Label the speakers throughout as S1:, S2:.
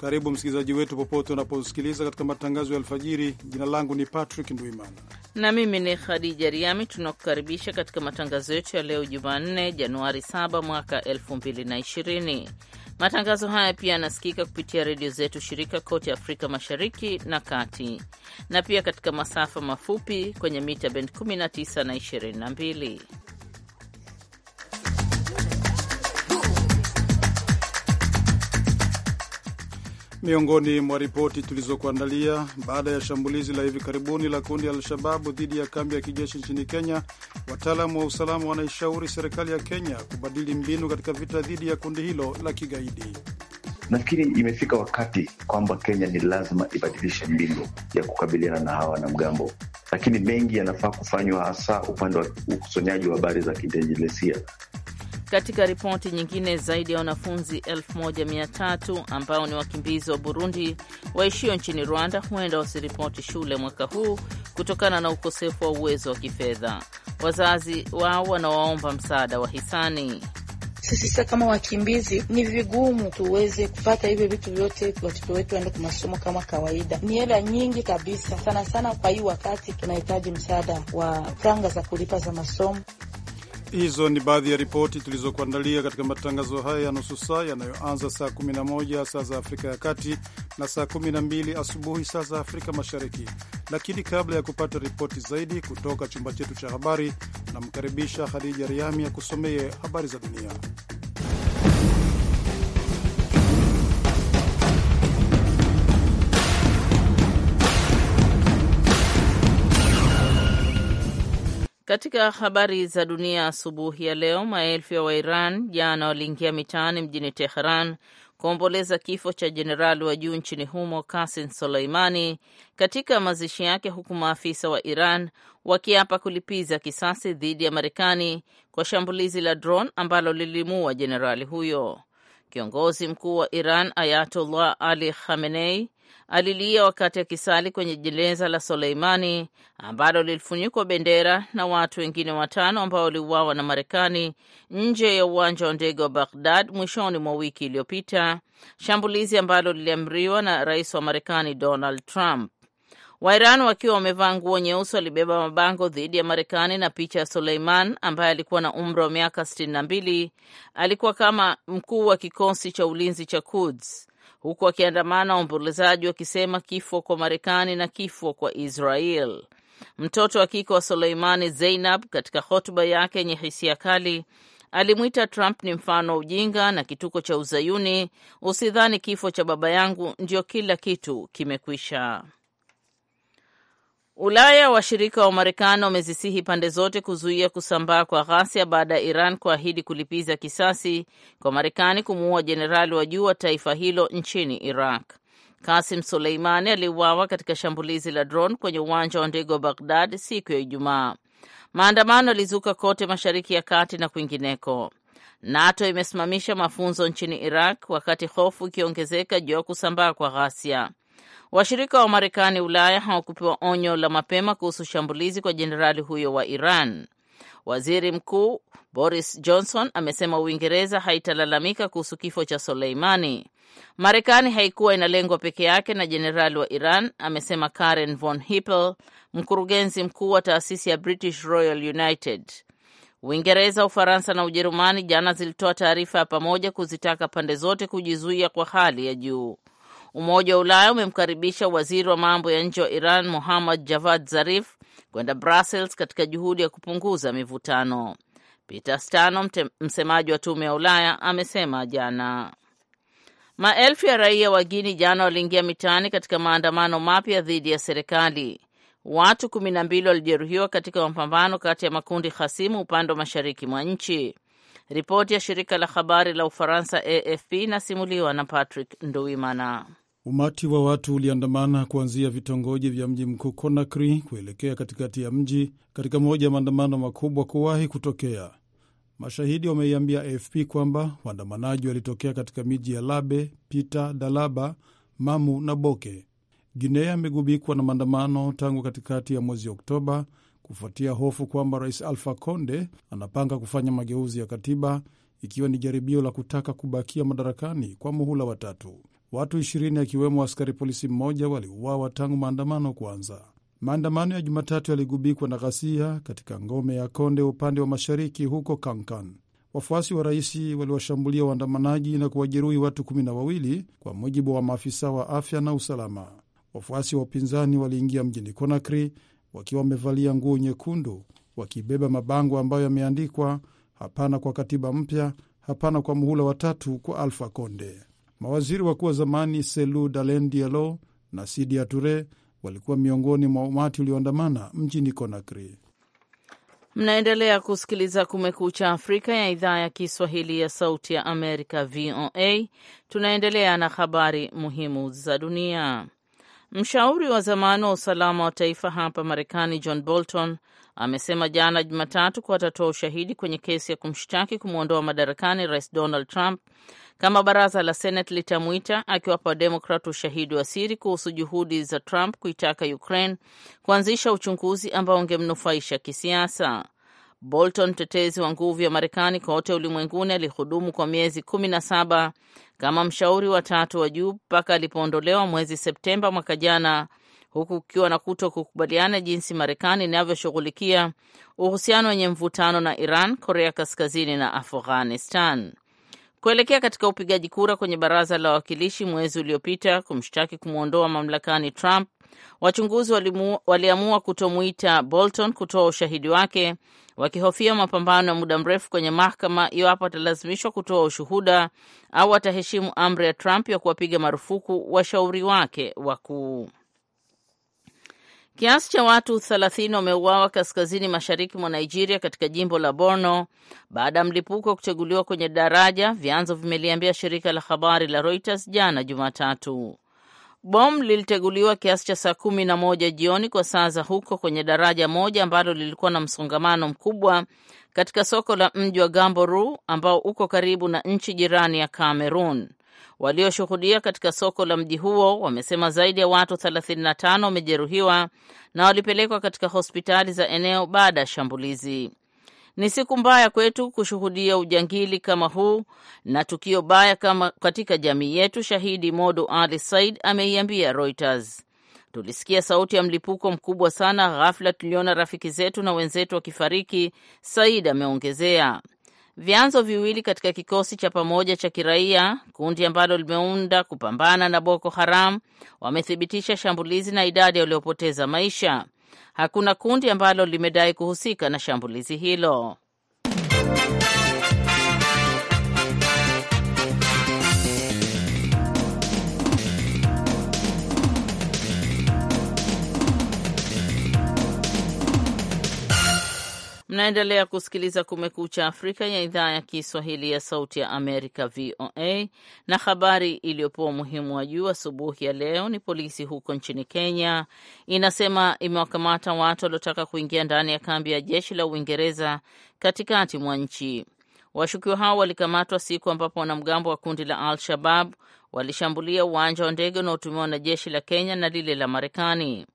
S1: Karibu msikilizaji wetu popote unaposikiliza katika matangazo ya alfajiri. Jina langu ni Patrick Ndwimana
S2: na mimi ni Khadija Riami. Tunakukaribisha katika matangazo yetu ya leo Jumanne, Januari 7 mwaka 2020. Matangazo haya pia yanasikika kupitia redio zetu shirika kote Afrika Mashariki na Kati, na pia katika masafa mafupi kwenye mita bend 19 na 22.
S1: Miongoni mwa ripoti tulizokuandalia, baada ya shambulizi la hivi karibuni la kundi la Al-Shababu dhidi ya kambi ya kijeshi nchini Kenya, wataalamu wa usalama wanaishauri serikali ya Kenya kubadili mbinu katika vita dhidi ya kundi hilo la kigaidi.
S3: Nafikiri imefika wakati kwamba Kenya ni lazima ibadilishe mbinu ya kukabiliana na hawa na mgambo lakini mengi yanafaa kufanywa, hasa upande wa ukusanyaji wa habari za kiintelijensia
S2: katika ripoti nyingine, zaidi ya wanafunzi 1300 ambao ni wakimbizi wa Burundi waishio nchini Rwanda huenda wasiripoti shule mwaka huu kutokana na ukosefu wa uwezo wa kifedha. Wazazi wao wanawaomba msaada wa hisani.
S4: Sisi sasa kama wakimbizi ni vigumu tuweze kupata hivyo vitu vyote, watoto wetu waende kwa masomo kama kawaida. Ni hela nyingi kabisa, sana sana. Kwa hii wakati tunahitaji msaada wa franga za kulipa za masomo.
S1: Hizo ni baadhi ya ripoti tulizokuandalia katika matangazo haya ya nusu saa yanayoanza saa 11 saa za Afrika ya Kati na saa 12 asubuhi saa za Afrika Mashariki. Lakini kabla ya kupata ripoti zaidi kutoka chumba chetu cha habari, namkaribisha Khadija Riami akusomee habari za dunia.
S2: Katika habari za dunia asubuhi ya leo, maelfu ya Wairan jana waliingia mitaani mjini Teheran kuomboleza kifo cha jenerali wa juu nchini humo Kasim Soleimani katika mazishi yake, huku maafisa wa Iran wakiapa kulipiza kisasi dhidi ya Marekani kwa shambulizi la drone ambalo lilimuua jenerali huyo. Kiongozi mkuu wa Iran Ayatollah Ali Khamenei alilia wakati akisali kwenye jeneza la Soleimani ambalo lilifunyikwa bendera na watu wengine watano ambao waliuawa na Marekani nje ya uwanja wa ndege wa Baghdad mwishoni mwa wiki iliyopita, shambulizi ambalo liliamriwa na rais wa Marekani Donald Trump. Wairan wakiwa wamevaa nguo nyeusi walibeba mabango dhidi ya Marekani na picha ya Suleiman ambaye alikuwa na umri wa miaka mbili alikuwa kama mkuu wa kikosi cha ulinzi cha Quds huku akiandamana waombolezaji wakisema kifo kwa Marekani na kifo kwa Israel. Mtoto wa kike wa suleimani Zeinab, katika hotuba yake yenye hisia kali alimwita Trump ni mfano wa ujinga na kituko cha Uzayuni. Usidhani kifo cha baba yangu ndio kila kitu kimekwisha. Ulaya washirika wa Marekani wamezisihi pande zote kuzuia kusambaa kwa ghasia baada ya Iran kuahidi kulipiza kisasi kwa Marekani kumuua jenerali wa juu wa taifa hilo nchini Iraq. Kasim Suleimani aliuawa katika shambulizi la drone kwenye uwanja wa ndege wa Baghdad siku ya Ijumaa. Maandamano yalizuka kote Mashariki ya Kati na kwingineko. NATO imesimamisha mafunzo nchini Iraq wakati hofu ikiongezeka juu ya kusambaa kwa ghasia. Washirika wa Marekani Ulaya hawakupewa onyo la mapema kuhusu shambulizi kwa jenerali huyo wa Iran. Waziri Mkuu Boris Johnson amesema Uingereza haitalalamika kuhusu kifo cha Soleimani. Marekani haikuwa inalengwa peke yake na jenerali wa Iran, amesema Karen von Hippel, mkurugenzi mkuu wa taasisi ya British Royal United. Uingereza, Ufaransa na Ujerumani jana zilitoa taarifa ya pamoja kuzitaka pande zote kujizuia kwa hali ya juu. Umoja wa Ulaya umemkaribisha waziri wa mambo ya nje wa Iran Muhammad Javad Zarif kwenda Brussels katika juhudi ya kupunguza mivutano. Peter Stano, msemaji wa tume ya Ulaya, amesema jana maelfu ya raia wa Guini jana waliingia mitaani katika maandamano mapya dhidi ya serikali. Watu kumi na mbili walijeruhiwa katika mapambano kati ya makundi hasimu upande wa mashariki mwa nchi. Ripoti ya shirika la habari la Ufaransa AFP inasimuliwa na Patrick Nduwimana.
S1: Umati wa watu uliandamana kuanzia vitongoji vya mji mkuu Conakry kuelekea katikati ya mji katika moja ya maandamano makubwa kuwahi kutokea. Mashahidi wameiambia AFP kwamba waandamanaji walitokea katika miji ya Labe, Pita, Dalaba, Mamu na Boke. Guinea amegubikwa na maandamano tangu katikati ya mwezi Oktoba kufuatia hofu kwamba rais alfa Conde anapanga kufanya mageuzi ya katiba ikiwa ni jaribio la kutaka kubakia madarakani kwa muhula watatu. Watu ishirini akiwemo askari polisi mmoja waliuawa tangu maandamano kuanza. Maandamano ya Jumatatu yaligubikwa na ghasia katika ngome ya Konde upande wa mashariki huko Kankan. Wafuasi wa rais waliwashambulia waandamanaji na kuwajeruhi watu kumi na wawili kwa mujibu wa maafisa wa afya na usalama. Wafuasi wa upinzani waliingia mjini Conakry wakiwa wamevalia nguo nyekundu, wakibeba mabango ambayo yameandikwa hapana kwa katiba mpya, hapana kwa muhula watatu kwa Alfa conde Mawaziri wakuu wa zamani Selu Dalen Dialo na Sidia Ture walikuwa miongoni mwa umati ulioandamana mjini conakry
S2: Mnaendelea kusikiliza Kumekucha Afrika ya idhaa ya Kiswahili ya Sauti ya Amerika, VOA. Tunaendelea na habari muhimu za dunia. Mshauri wa zamani wa usalama wa taifa hapa Marekani, John Bolton, amesema jana Jumatatu kuwa atatoa ushahidi kwenye kesi ya kumshtaki kumwondoa madarakani Rais Donald Trump kama baraza la Senate litamwita, akiwapa Wademokrat ushahidi wa siri kuhusu juhudi za Trump kuitaka Ukraine kuanzisha uchunguzi ambao ungemnufaisha kisiasa. Bolton, mtetezi wa nguvu ya Marekani kote ulimwenguni, alihudumu kwa miezi kumi na saba kama mshauri wa tatu wa juu mpaka alipoondolewa mwezi Septemba mwaka jana, huku kukiwa na kuto kukubaliana jinsi Marekani inavyoshughulikia uhusiano wenye mvutano na Iran, Korea Kaskazini na Afghanistan. Kuelekea katika upigaji kura kwenye baraza la wawakilishi mwezi uliopita kumshtaki kumwondoa mamlakani Trump, Wachunguzi waliamua kutomwita Bolton kutoa ushahidi wake wakihofia mapambano ya muda mrefu kwenye mahakama iwapo atalazimishwa kutoa ushuhuda au ataheshimu amri ya Trump ya kuwapiga marufuku washauri wake wakuu. Kiasi cha watu 30 wameuawa kaskazini mashariki mwa Nigeria katika jimbo la Borno baada ya mlipuko wa kuteguliwa kwenye daraja, vyanzo vimeliambia shirika la habari la Reuters jana Jumatatu. Bomu liliteguliwa kiasi cha saa kumi na moja jioni kwa saa za huko kwenye daraja moja ambalo lilikuwa na msongamano mkubwa katika soko la mji wa Gamboru ambao uko karibu na nchi jirani ya Cameroon. Walioshuhudia katika soko la mji huo wamesema zaidi ya watu 35 wamejeruhiwa na walipelekwa katika hospitali za eneo baada ya shambulizi. Ni siku mbaya kwetu kushuhudia ujangili kama huu na tukio baya kama katika jamii yetu, shahidi Modo Ali Said ameiambia Reuters. Tulisikia sauti ya mlipuko mkubwa sana, ghafla tuliona rafiki zetu na wenzetu wakifariki, Said ameongezea. Vyanzo viwili katika kikosi cha pamoja cha kiraia, kundi ambalo limeunda kupambana na Boko Haram, wamethibitisha shambulizi na idadi ya waliopoteza maisha. Hakuna kundi ambalo limedai kuhusika na shambulizi hilo. Mnaendelea kusikiliza Kumekucha Afrika ya idhaa ya Kiswahili ya Sauti ya Amerika, VOA. Na habari iliyopewa umuhimu wa juu asubuhi ya leo ni polisi huko nchini Kenya inasema imewakamata watu waliotaka kuingia ndani ya kambi ya jeshi la Uingereza katikati mwa nchi. Washukiwa hao walikamatwa siku ambapo wanamgambo wa kundi la Al-Shabab walishambulia uwanja wa ndege unaotumiwa na jeshi la Kenya na lile la Marekani.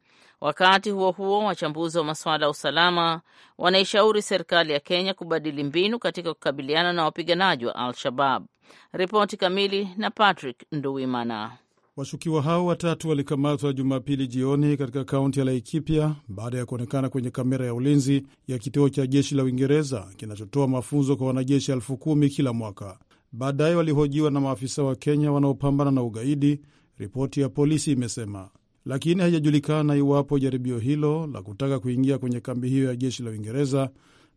S2: Wakati huo huo, wachambuzi wa masuala ya usalama wanaishauri serikali ya Kenya kubadili mbinu katika kukabiliana na wapiganaji wa Al-Shabab. Ripoti kamili na Patrick Nduwimana.
S1: Washukiwa hao watatu walikamatwa Jumapili jioni katika kaunti ya Laikipia baada ya kuonekana kwenye kamera ya ulinzi ya kituo cha jeshi la Uingereza kinachotoa mafunzo kwa wanajeshi elfu kumi kila mwaka. Baadaye walihojiwa na maafisa wa Kenya wanaopambana na ugaidi, ripoti ya polisi imesema lakini haijajulikana iwapo jaribio hilo la kutaka kuingia kwenye kambi hiyo ya jeshi la Uingereza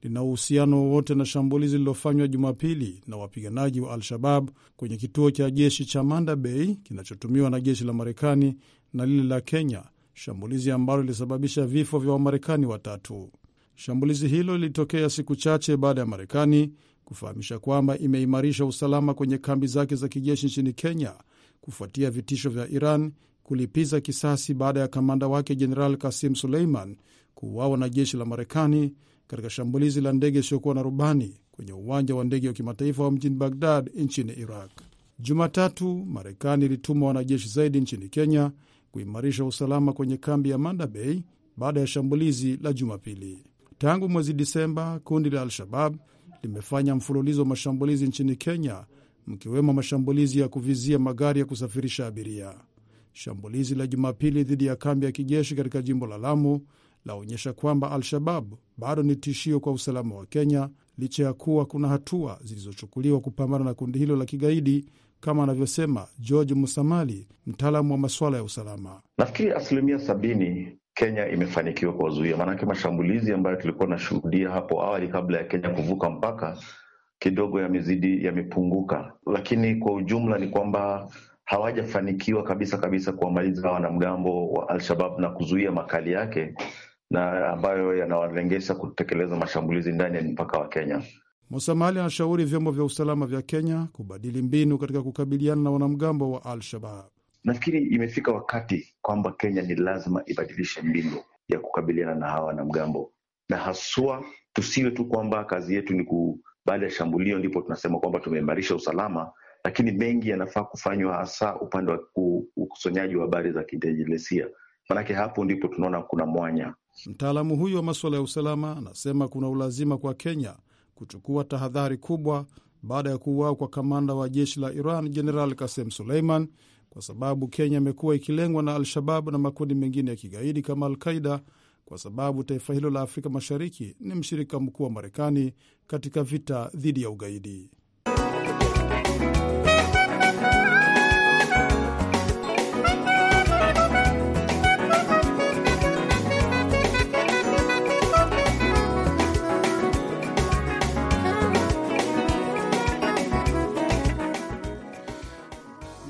S1: lina uhusiano wowote na shambulizi lililofanywa Jumapili na wapiganaji wa Al-Shabab kwenye kituo cha jeshi cha Manda Bay kinachotumiwa na jeshi la Marekani na lile la Kenya, shambulizi ambalo lilisababisha vifo vya Wamarekani watatu. Shambulizi hilo lilitokea siku chache baada ya Marekani kufahamisha kwamba imeimarisha usalama kwenye kambi zake za kijeshi nchini Kenya kufuatia vitisho vya Iran kulipiza kisasi baada ya kamanda wake Jeneral Kasim Suleiman kuuawa na jeshi la Marekani katika shambulizi la ndege isiyokuwa na rubani kwenye uwanja wa ndege wa kimataifa wa mjini Bagdad nchini Iraq. Jumatatu, Marekani ilituma wanajeshi zaidi nchini Kenya kuimarisha usalama kwenye kambi ya Manda baada ya shambulizi la Jumapili. Tangu mwezi Disemba, kundi la Al-Shabab limefanya mfululizo wa mashambulizi nchini Kenya, mkiwemo mashambulizi ya kuvizia magari ya kusafirisha abiria. Shambulizi la Jumapili dhidi ya kambi ya kijeshi katika jimbo la Lamu laonyesha kwamba Al-Shabab bado ni tishio kwa usalama wa Kenya licha ya kuwa kuna hatua zilizochukuliwa kupambana na kundi hilo la kigaidi, kama anavyosema George Musamali, mtaalamu wa masuala ya usalama.
S3: Nafikiri asilimia sabini Kenya imefanikiwa kuwazuia, maanake mashambulizi ambayo tulikuwa nashuhudia hapo awali kabla ya Kenya kuvuka mpaka kidogo yamezidi, yamepunguka, lakini kwa ujumla ni kwamba hawajafanikiwa kabisa kabisa kuwamaliza hawa wanamgambo wa alshabab na kuzuia makali yake na ambayo yanawalengesha kutekeleza mashambulizi ndani ya mpaka wa Kenya.
S1: Musamali anashauri vyombo vya usalama vya Kenya kubadili mbinu katika kukabiliana na wanamgambo wa Al-Shabab.
S3: Nafikiri imefika wakati kwamba Kenya ni lazima ibadilishe mbinu ya kukabiliana na hawa wanamgambo, na haswa tusiwe tu kwamba kazi yetu ni ku, baada ya shambulio ndipo tunasema kwamba tumeimarisha usalama lakini mengi yanafaa kufanywa hasa upande wa ukusanyaji wa habari za kidejelesia, maanake hapo ndipo tunaona kuna mwanya.
S1: Mtaalamu huyu wa masuala ya usalama anasema kuna ulazima kwa Kenya kuchukua tahadhari kubwa baada ya kuuawa kwa kamanda wa jeshi la Iran Jeneral Kasem Suleiman, kwa sababu Kenya imekuwa ikilengwa na Al-Shabab na makundi mengine ya kigaidi kama Al-Qaida, kwa sababu taifa hilo la Afrika Mashariki ni mshirika mkuu wa Marekani katika vita dhidi ya ugaidi.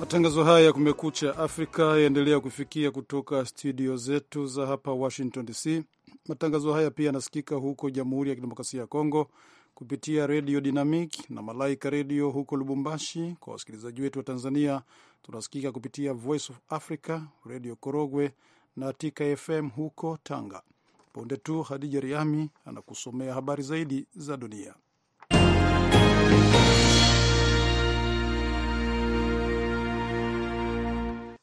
S1: Matangazo haya ya Kumekucha Afrika yaendelea kufikia kutoka studio zetu za hapa Washington DC. Matangazo haya pia yanasikika huko Jamhuri ya Kidemokrasia ya Kongo kupitia Redio Dynamic na Malaika Redio huko Lubumbashi. Kwa wasikilizaji wetu wa Tanzania, tunasikika kupitia Voice of Africa, Redio Korogwe na Tika FM huko Tanga. Punde tu Hadija Riami anakusomea habari zaidi za dunia.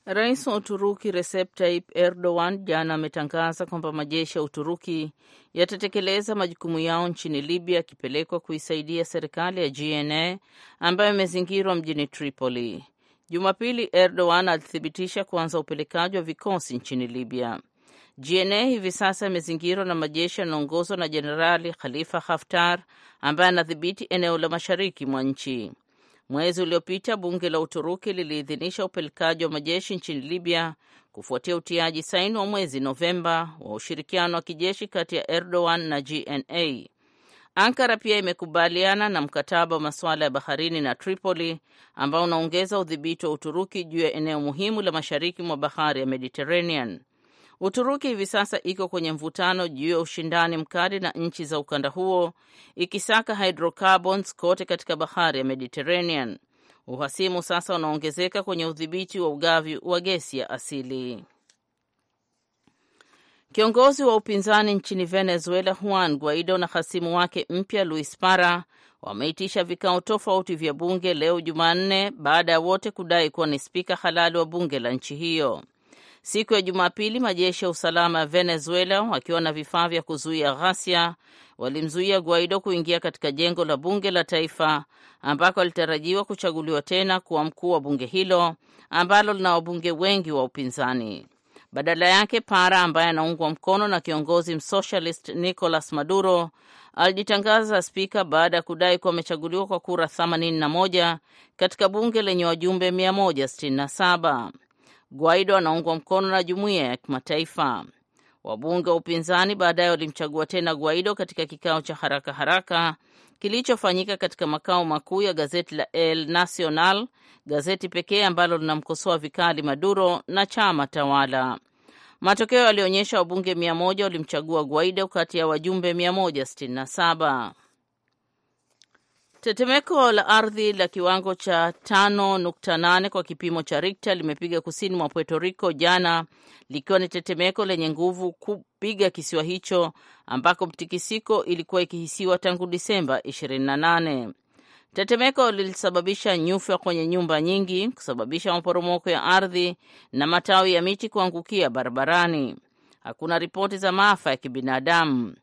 S2: Rais wa Uturuki Recep Tayyip Erdogan jana ametangaza kwamba majeshi ya Uturuki yatatekeleza majukumu yao nchini Libya, yakipelekwa kuisaidia serikali ya GNA ambayo imezingirwa mjini Tripoli. Jumapili, Erdogan alithibitisha kuanza upelekaji wa vikosi nchini Libya. GNA hivi sasa imezingirwa na majeshi yanaongozwa na Jenerali Khalifa Haftar ambaye anadhibiti eneo la mashariki mwa nchi. Mwezi uliopita bunge la Uturuki liliidhinisha upelekaji wa majeshi nchini Libya kufuatia utiaji saini wa mwezi Novemba wa ushirikiano wa kijeshi kati ya Erdogan na GNA. Ankara pia imekubaliana na mkataba wa masuala ya baharini na Tripoli ambao unaongeza udhibiti wa Uturuki juu ya eneo muhimu la mashariki mwa bahari ya Mediterranean. Uturuki hivi sasa iko kwenye mvutano juu ya ushindani mkali na nchi za ukanda huo, ikisaka hydrocarbons kote katika bahari ya Mediterranean. Uhasimu sasa unaongezeka kwenye udhibiti wa ugavi wa gesi ya asili. Kiongozi wa upinzani nchini Venezuela Juan Guaido na hasimu wake mpya Luis para wameitisha vikao tofauti vya bunge leo Jumanne baada ya wote kudai kuwa ni spika halali wa bunge la nchi hiyo. Siku ya Jumapili, majeshi ya usalama ya Venezuela wakiwa na vifaa vya kuzuia ghasia walimzuia Guaido kuingia katika jengo la bunge la taifa ambako alitarajiwa kuchaguliwa tena kuwa mkuu wa bunge hilo ambalo lina wabunge wengi wa upinzani. Badala yake, Para ambaye anaungwa mkono na kiongozi msocialist Nicolas Maduro alijitangaza spika baada ya kudai kuwa amechaguliwa kwa kura 81 katika bunge lenye wajumbe 167. Guaido anaungwa mkono na jumuiya ya kimataifa. Wabunge wa upinzani baadaye walimchagua tena Guaido katika kikao cha haraka haraka kilichofanyika katika makao makuu ya gazeti la El Nacional, gazeti pekee ambalo linamkosoa vikali Maduro na chama tawala. Matokeo yalionyesha wabunge 1 walimchagua Guaido kati ya wajumbe 167. Tetemeko la ardhi la kiwango cha 5.8 kwa kipimo cha rikta limepiga kusini mwa Puerto Rico jana, likiwa ni tetemeko lenye nguvu kupiga kisiwa hicho ambako mtikisiko ilikuwa ikihisiwa tangu Disemba 28. Tetemeko lilisababisha nyufa kwenye nyumba nyingi, kusababisha maporomoko ya ardhi na matawi ya miti kuangukia barabarani. Hakuna ripoti za maafa ya kibinadamu.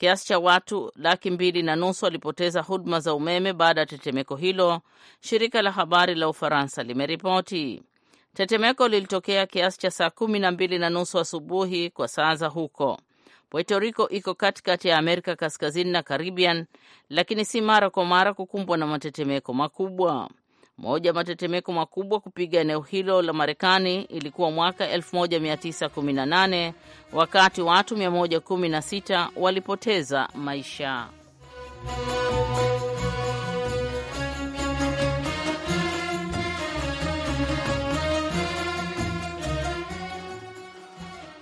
S2: Kiasi cha watu laki mbili na nusu walipoteza huduma za umeme baada ya tetemeko hilo, shirika la habari la Ufaransa limeripoti. Tetemeko lilitokea kiasi cha saa kumi na mbili na nusu asubuhi kwa saa za huko. Puerto Rico iko katikati ya Amerika Kaskazini na Caribbean, lakini si mara kwa mara kukumbwa na matetemeko makubwa. Moja ya matetemeko makubwa kupiga eneo hilo la Marekani ilikuwa mwaka 1918 wakati watu 116 walipoteza maisha.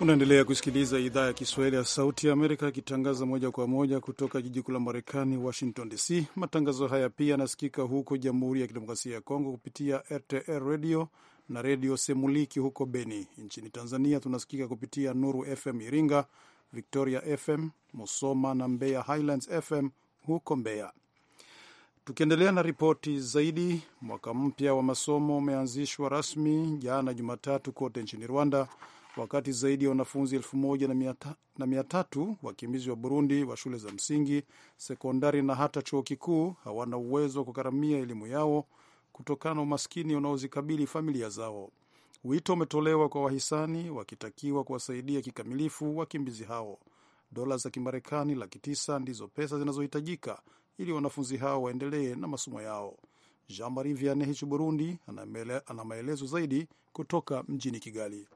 S1: Unaendelea kusikiliza idhaa ya Kiswahili ya Sauti ya Amerika ikitangaza moja kwa moja kutoka jiji kuu la Marekani, Washington DC. Matangazo haya pia yanasikika huko Jamhuri ya Kidemokrasia ya Kongo kupitia RTR Radio na Redio Semuliki huko Beni. Nchini Tanzania tunasikika kupitia Nuru FM Iringa, Victoria FM Musoma na Mbeya Highlands FM huko Mbeya. Tukiendelea na ripoti zaidi, mwaka mpya wa masomo umeanzishwa rasmi jana Jumatatu kote nchini Rwanda wakati zaidi ya wanafunzi elfu moja na mia tatu wakimbizi wa Burundi wa shule za msingi, sekondari na hata chuo kikuu hawana uwezo wa kugharamia elimu yao kutokana na umaskini unaozikabili familia zao. Wito umetolewa kwa wahisani wakitakiwa kuwasaidia kikamilifu wakimbizi hao. Dola za Kimarekani laki tisa ndizo pesa zinazohitajika ili wanafunzi hao waendelee na masomo yao. Jean Marie Vianney Burundi ana maelezo zaidi kutoka mjini Kigali.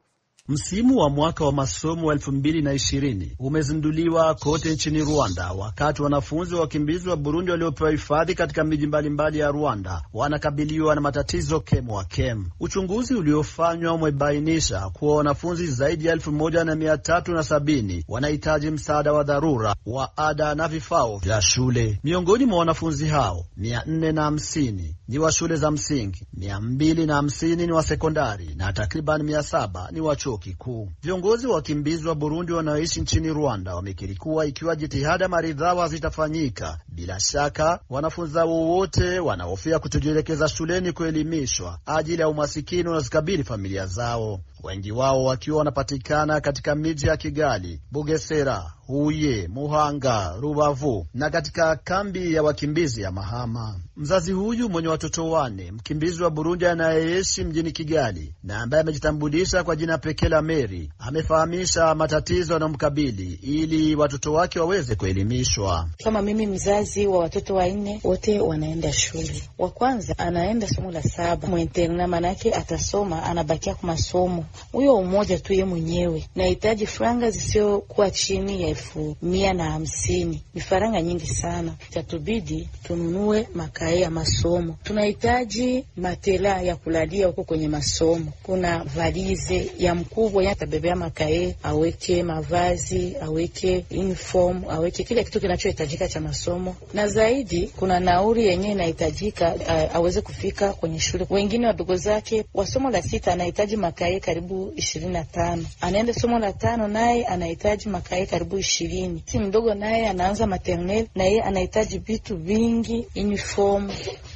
S5: Msimu wa mwaka wa masomo 2020 umezinduliwa kote nchini Rwanda, wakati wanafunzi wa wakimbizi wa Burundi waliopewa hifadhi katika miji mbalimbali ya Rwanda wanakabiliwa na matatizo wa kem. Uchunguzi uliofanywa umebainisha kuwa wanafunzi zaidi ya 1370 wanahitaji msaada wa dharura wa ada na vifao vya shule. Miongoni mwa wanafunzi hao 450 ni wa shule za msingi, 250 ni wa sekondari na takriban 7 ni wa chuo chuo kikuu. Viongozi wa wakimbizi wa Burundi wanaoishi nchini Rwanda wamekiri kuwa ikiwa jitihada maridhawa hazitafanyika, bila shaka wanafunzi wowote wanahofia kutojielekeza shuleni kuelimishwa ajili ya umasikini unaozikabili familia zao wengi wao wakiwa wanapatikana katika miji ya Kigali, Bugesera, Huye, Muhanga, Rubavu na katika kambi ya wakimbizi ya Mahama. Mzazi huyu mwenye watoto wane, mkimbizi wa Burundi anayeishi mjini Kigali na ambaye amejitambulisha kwa jina pekee la Meri, amefahamisha matatizo yanayomkabili ili watoto wake waweze kuelimishwa.
S4: Kama mimi mzazi wa watoto wanne, wote wanaenda shule. Wa kwanza anaenda somo la saba mwinterna, manake atasoma, anabakia kwa masomo huyo umoja tu ye mwenyewe. Nahitaji franga zisiokuwa chini ya elfu mia na hamsini. Ni faranga nyingi sana, itatubidi tununue makae ya masomo. Tunahitaji matela ya kulalia huko kwenye masomo. Kuna valize ya mkubwa atabebea makae, aweke mavazi, aweke uniform, aweke kila kitu kinachohitajika cha masomo, na zaidi kuna nauri yenyewe inahitajika eh, aweze kufika kwenye shule. Wengine wadogo zake wa somo la sita anahitaji makae karibu karibu ishirini na tano anaenda somo la tano naye anahitaji makae karibu ishirini si mdogo naye anaanza maternel na yeye anahitaji vitu vingi uniform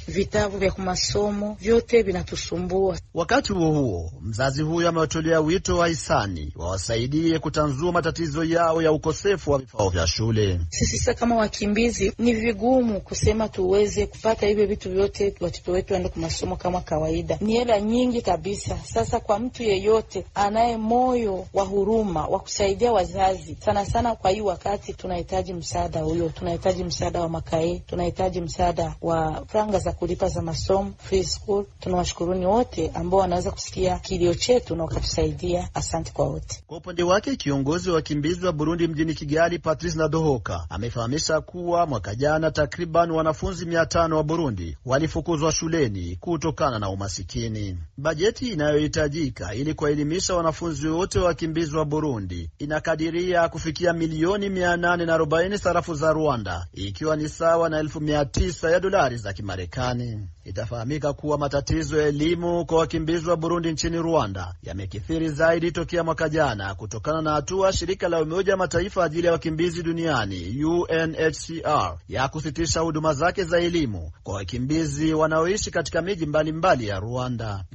S4: vitabu vya kumasomo vyote vinatusumbua.
S5: Wakati huo huo, mzazi huyo amewatolea wito wa hisani wawasaidie kutanzua matatizo yao ya ukosefu wa vifaa vya shule.
S4: Sisi sasa kama wakimbizi, ni vigumu kusema tuweze kupata hivyo vitu vyote watoto wetu waende kumasomo kama kawaida. Ni hela nyingi kabisa. Sasa kwa mtu yeyote anaye moyo wa huruma wa kusaidia wazazi, sana sana kwa hii wakati tunahitaji msaada huyo, tunahitaji msaada wa makae, tunahitaji msaada wa franga za kulipa za masomo free school. Tunawashukuruni wote ambao wanaweza kusikia kilio chetu na wakatusaidia. Asante kwa wote.
S5: Kwa upande wake, kiongozi wa wakimbizi wa Burundi mjini Kigali, Patrice Nadohoka, amefahamisha kuwa mwaka jana takriban wanafunzi mia tano wa Burundi walifukuzwa shuleni kutokana na umasikini. Bajeti inayohitajika ili kuwaelimisha wanafunzi wote wa wakimbizi wa Burundi inakadiria kufikia milioni arobaini sarafu za Rwanda, ikiwa ni sawa na elfu mia tisa ya dolari za Kimarekani duniani. Itafahamika kuwa matatizo ya elimu kwa wakimbizi wa Burundi nchini Rwanda yamekithiri zaidi tokea mwaka jana kutokana na hatua shirika la Umoja wa Mataifa ajili ya wakimbizi duniani UNHCR ya kusitisha huduma zake za elimu kwa wakimbizi wanaoishi katika miji mbalimbali ya Rwanda.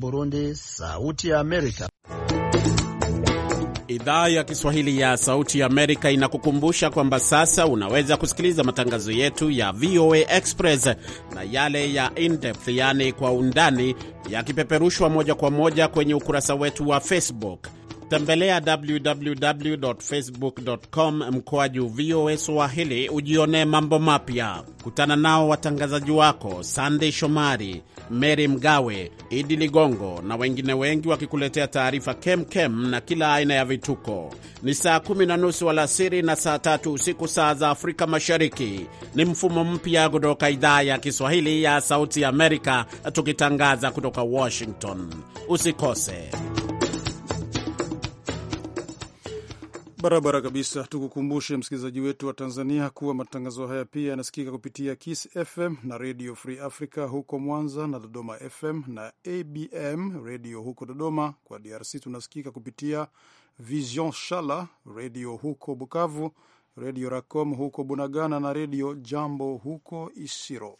S5: Burundi, Sauti ya Amerika.
S6: Idhaa ya Kiswahili ya Sauti ya Amerika inakukumbusha kwamba sasa unaweza kusikiliza matangazo yetu ya VOA Express na yale ya indepth yaani kwa undani, yakipeperushwa moja kwa moja kwenye ukurasa wetu wa Facebook. Tembelea www www.facebook.com mkoaju VOA Swahili ujionee mambo mapya. Kutana nao watangazaji wako Sandey Shomari Mary Mgawe, Idi Ligongo na wengine wengi wakikuletea taarifa kemkem na kila aina ya vituko. Ni saa kumi na nusu alasiri na saa tatu usiku saa za Afrika Mashariki. Ni mfumo mpya kutoka idhaa ya Kiswahili ya Sauti Amerika, tukitangaza kutoka Washington. Usikose.
S1: Barabara kabisa. Tukukumbushe msikilizaji wetu wa Tanzania kuwa matangazo haya pia yanasikika kupitia Kiss FM na Redio Free Africa huko Mwanza na Dodoma FM na ABM Redio huko Dodoma. Kwa DRC tunasikika kupitia Vision Shala Redio huko Bukavu, Redio Racom huko Bunagana na Redio Jambo huko Isiro.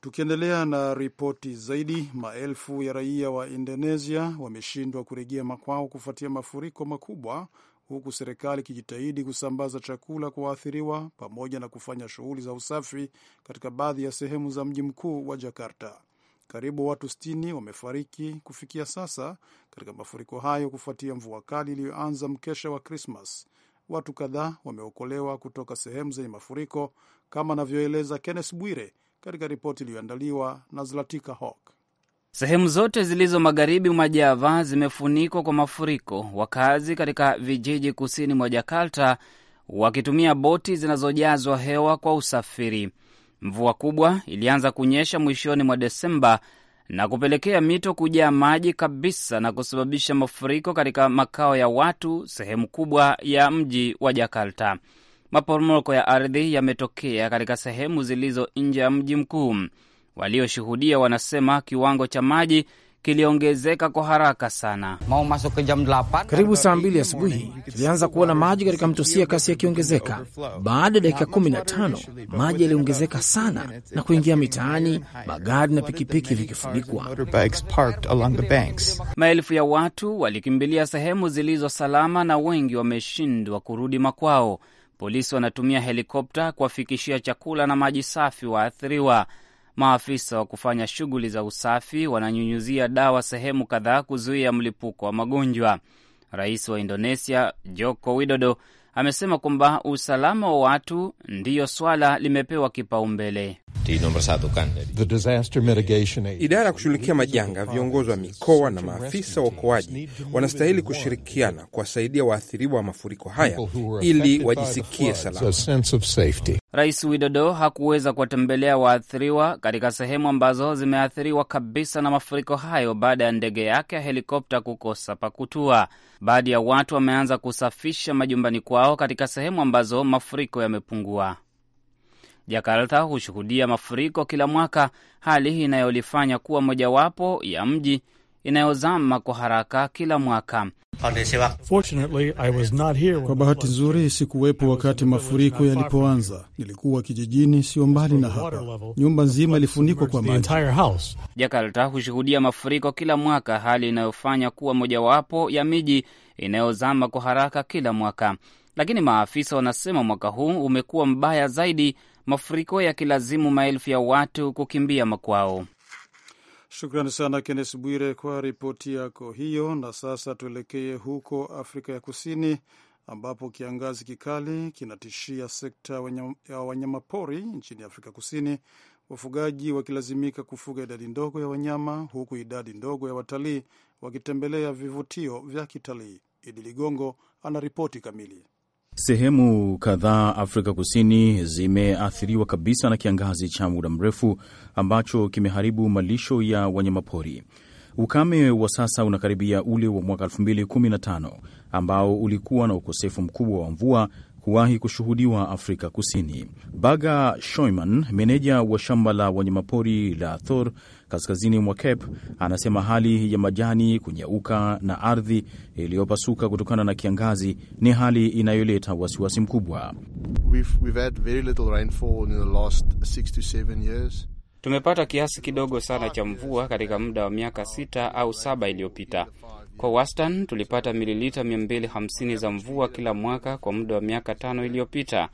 S1: Tukiendelea na ripoti zaidi, maelfu ya raia wa Indonesia wameshindwa kuregea makwao kufuatia mafuriko makubwa huku serikali ikijitahidi kusambaza chakula kwa waathiriwa pamoja na kufanya shughuli za usafi katika baadhi ya sehemu za mji mkuu wa Jakarta. Karibu watu 60 wamefariki kufikia sasa katika mafuriko hayo kufuatia mvua kali iliyoanza mkesha wa Krismas. Watu kadhaa wameokolewa kutoka sehemu zenye mafuriko kama anavyoeleza Kenneth Bwire katika ripoti iliyoandaliwa na Zlatika Hawk.
S7: Sehemu zote zilizo magharibi mwa Java zimefunikwa kwa mafuriko, wakazi katika vijiji kusini mwa Jakarta wakitumia boti zinazojazwa hewa kwa usafiri. Mvua kubwa ilianza kunyesha mwishoni mwa Desemba na kupelekea mito kujaa maji kabisa na kusababisha mafuriko katika makao ya watu sehemu kubwa ya mji wa Jakarta. Maporomoko ya ardhi yametokea katika sehemu zilizo nje ya mji mkuu. Walioshuhudia wanasema kiwango cha maji kiliongezeka kwa haraka sana. Karibu
S6: saa mbili asubuhi tulianza kuona maji katika mto kasi yakiongezeka. Baada ya dakika kumi na tano maji yaliongezeka sana na kuingia mitaani, magari na pikipiki vikifunikwa.
S7: Maelfu ya watu walikimbilia sehemu zilizo salama na wengi wameshindwa kurudi makwao. Polisi wanatumia helikopta kuwafikishia chakula na maji safi waathiriwa. Maafisa wa kufanya shughuli za usafi wananyunyuzia dawa sehemu kadhaa kuzuia mlipuko wa magonjwa. Rais wa Indonesia Joko Widodo amesema kwamba usalama wa watu ndiyo swala limepewa kipaumbele. Idara
S6: ya kushughulikia majanga, viongozi wa mikoa na maafisa waokoaji wanastahili kushirikiana kuwasaidia waathiriwa wa mafuriko haya ili wajisikie salama.
S7: Rais Widodo hakuweza kuwatembelea waathiriwa katika sehemu ambazo zimeathiriwa kabisa na mafuriko hayo baada ya ndege yake ya helikopta kukosa pa kutua. Baadhi ya watu wameanza kusafisha majumbani kwao katika sehemu ambazo mafuriko yamepungua. Jakarta hushuhudia mafuriko kila mwaka, hali inayolifanya kuwa mojawapo ya mji inayozama kwa haraka kila mwaka.
S1: Kwa bahati nzuri sikuwepo wakati mafuriko yalipoanza. Nilikuwa kijijini, sio mbali na hapa. Nyumba nzima ilifunikwa kwa maji.
S7: Jakarta hushuhudia mafuriko kila mwaka, hali inayofanya kuwa mojawapo ya miji inayozama kwa haraka kila mwaka, lakini maafisa wanasema mwaka huu umekuwa mbaya zaidi mafuriko yakilazimu maelfu ya watu kukimbia makwao.
S1: Shukrani sana Kennes Bwire kwa ripoti yako hiyo. Na sasa tuelekee huko Afrika ya Kusini, ambapo kiangazi kikali kinatishia sekta ya wanyama, pori nchini Afrika Kusini, wafugaji wakilazimika kufuga idadi ndogo ya wanyama, huku idadi ndogo ya watalii wakitembelea vivutio vya kitalii. Idi Ligongo ana ripoti kamili.
S6: Sehemu kadhaa Afrika Kusini zimeathiriwa kabisa na kiangazi cha muda mrefu ambacho kimeharibu malisho ya wanyamapori. Ukame wa sasa unakaribia ule wa mwaka 2015 ambao ulikuwa na ukosefu mkubwa wa mvua kuwahi kushuhudiwa Afrika Kusini. Baga Shoiman, meneja wa shamba la wanyamapori la Thor kaskazini mwa Cape, anasema hali ya majani kunyauka na ardhi iliyopasuka kutokana na kiangazi ni hali inayoleta wasiwasi mkubwa.
S7: Tumepata kiasi kidogo sana cha mvua katika muda wa miaka sita au saba iliyopita. Kwa wastani tulipata mililita 250 za mvua kila mwaka kwa muda wa miaka tano iliyopita.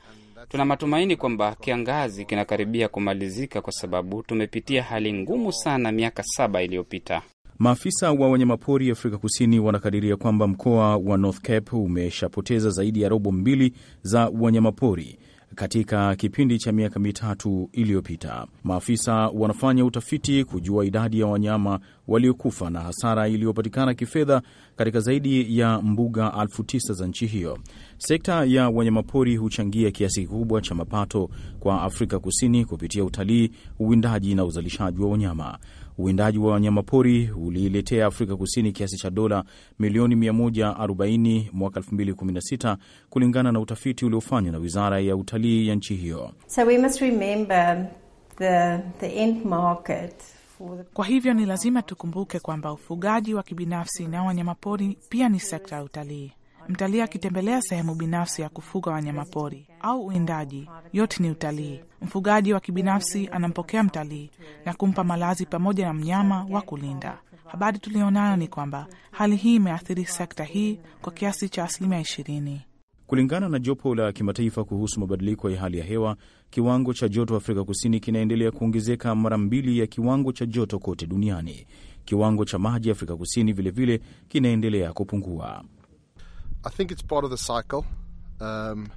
S7: Tuna matumaini kwamba kiangazi kinakaribia kumalizika kwa sababu tumepitia hali ngumu sana miaka saba iliyopita.
S6: Maafisa wa wanyamapori Afrika Kusini wanakadiria kwamba mkoa wa North Cape umeshapoteza zaidi ya robo mbili za wanyamapori katika kipindi cha miaka mitatu iliyopita. Maafisa wanafanya utafiti kujua idadi ya wanyama waliokufa na hasara iliyopatikana kifedha katika zaidi ya mbuga elfu tisa za nchi hiyo. Sekta ya wanyamapori huchangia kiasi kikubwa cha mapato kwa Afrika Kusini kupitia utalii, uwindaji na uzalishaji wa wanyama. Uwindaji wa wanyamapori uliiletea Afrika Kusini kiasi cha dola milioni 140 mwaka 2016 kulingana na utafiti uliofanywa na wizara ya utalii ya nchi hiyo.
S3: So we must remember the, the end market. Kwa hivyo
S6: ni lazima tukumbuke kwamba ufugaji wa kibinafsi na wanyamapori pia ni sekta ya utalii. Mtalii akitembelea sehemu binafsi ya kufuga wanyamapori au uindaji yote ni utalii. Mfugaji wa kibinafsi anampokea mtalii na kumpa malazi pamoja na mnyama wa kulinda. Habari tuliyonayo ni kwamba hali hii imeathiri sekta hii kwa kiasi cha asilimia ishirini. Kulingana na jopo la kimataifa kuhusu mabadiliko ya hali ya hewa, kiwango cha joto Afrika Kusini kinaendelea kuongezeka mara mbili ya kiwango cha joto kote duniani. Kiwango cha maji Afrika Kusini vilevile kinaendelea kupungua.
S7: I think it's part of the cycle. Um,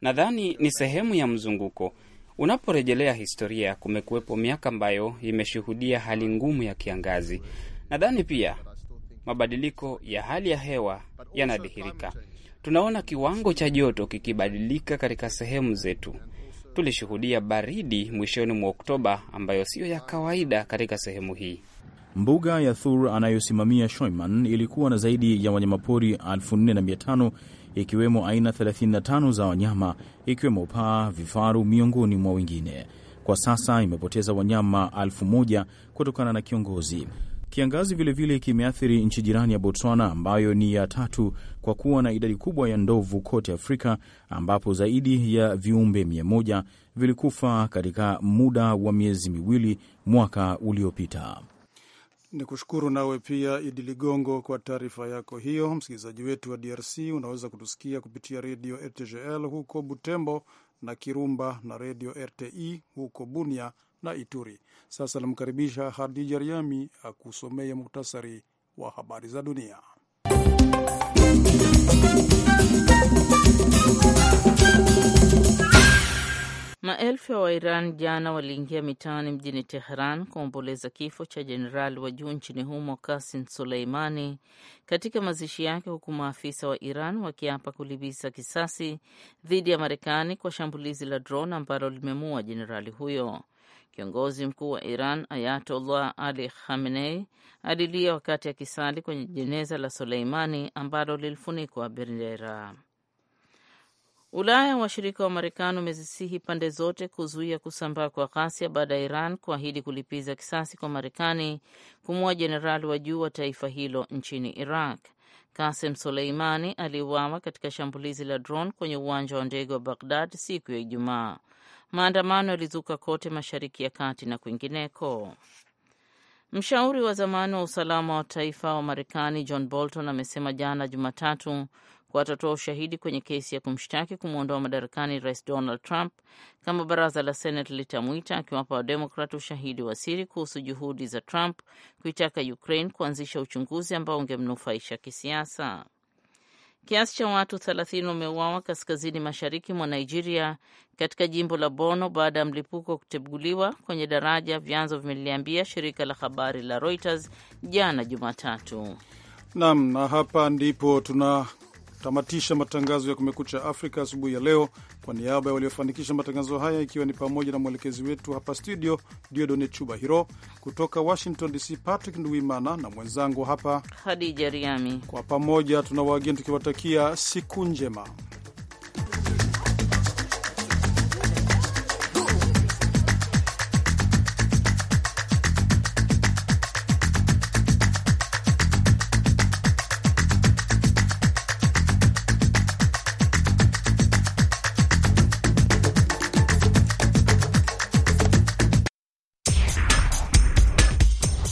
S7: nadhani ni sehemu ya mzunguko. Unaporejelea historia, kumekuwepo miaka ambayo imeshuhudia hali ngumu ya kiangazi. Nadhani pia mabadiliko ya hali ya hewa yanadhihirika. Tunaona kiwango cha joto kikibadilika katika sehemu zetu. Tulishuhudia baridi mwishoni mwa Oktoba ambayo siyo ya kawaida katika sehemu hii.
S6: Mbuga ya Thur anayosimamia Shoiman ilikuwa na zaidi ya wanyamapori 4500 ikiwemo aina 35 za wanyama ikiwemo paa, vifaru miongoni mwa wengine. Kwa sasa imepoteza wanyama 1000 kutokana na kiongozi. Kiangazi vilevile kimeathiri nchi jirani ya Botswana ambayo ni ya tatu kwa kuwa na idadi kubwa ya ndovu kote Afrika, ambapo zaidi ya viumbe 100 vilikufa katika muda wa miezi miwili mwaka uliopita.
S1: Ni kushukuru nawe pia Idi Ligongo kwa taarifa yako hiyo. Msikilizaji wetu wa DRC unaweza kutusikia kupitia redio RTGL huko Butembo na Kirumba na redio RTI huko Bunia na Ituri. Sasa namkaribisha Hadija Riami akusomee muktasari wa habari za dunia.
S2: Maelfu ya Wairan jana waliingia mitaani mjini Teheran kuomboleza kifo cha jenerali wa juu nchini humo Kasim Suleimani katika mazishi yake, huku maafisa wa Iran wakiapa kulipiza kisasi dhidi ya Marekani kwa shambulizi la drone ambalo limemua jenerali huyo. Kiongozi mkuu wa Iran Ayatollah Ali Khamenei alilia wakati akisali kwenye jeneza la Suleimani ambalo lilifunikwa bendera. Ulaya, washirika wa Marekani wamezisihi pande zote kuzuia kusambaa kwa ghasia baada ya Iran kuahidi kulipiza kisasi kwa Marekani kumua jenerali wa juu wa taifa hilo nchini Iraq. Kasem Soleimani aliuawa katika shambulizi la drone kwenye uwanja wa ndege wa Baghdad siku ya Ijumaa. Maandamano yalizuka kote Mashariki ya Kati na kwingineko. Mshauri wa zamani wa usalama wa taifa wa Marekani John Bolton amesema jana Jumatatu watatoa ushahidi kwenye kesi ya kumshtaki kumwondoa madarakani Rais Donald Trump kama baraza la Senate litamwita, akiwapa Wademokrat ushahidi wa siri kuhusu juhudi za Trump kuitaka Ukraine kuanzisha uchunguzi ambao ungemnufaisha kisiasa. Kiasi cha watu 30 wameuawa kaskazini mashariki mwa Nigeria katika jimbo la bono baada ya mlipuko kuteguliwa kwenye daraja, vyanzo vimeliambia shirika la habari la Reuters jana Jumatatu.
S1: Nam, na hapa ndipo tuna tamatisha matangazo ya Kumekucha Afrika asubuhi ya leo. Kwa niaba ya waliofanikisha matangazo haya, ikiwa ni pamoja na mwelekezi wetu hapa studio Diodone Chuba Hiro, kutoka Washington DC Patrick Nduimana na mwenzangu hapa
S2: Hadija Riami,
S1: kwa pamoja tuna wageni tukiwatakia siku njema.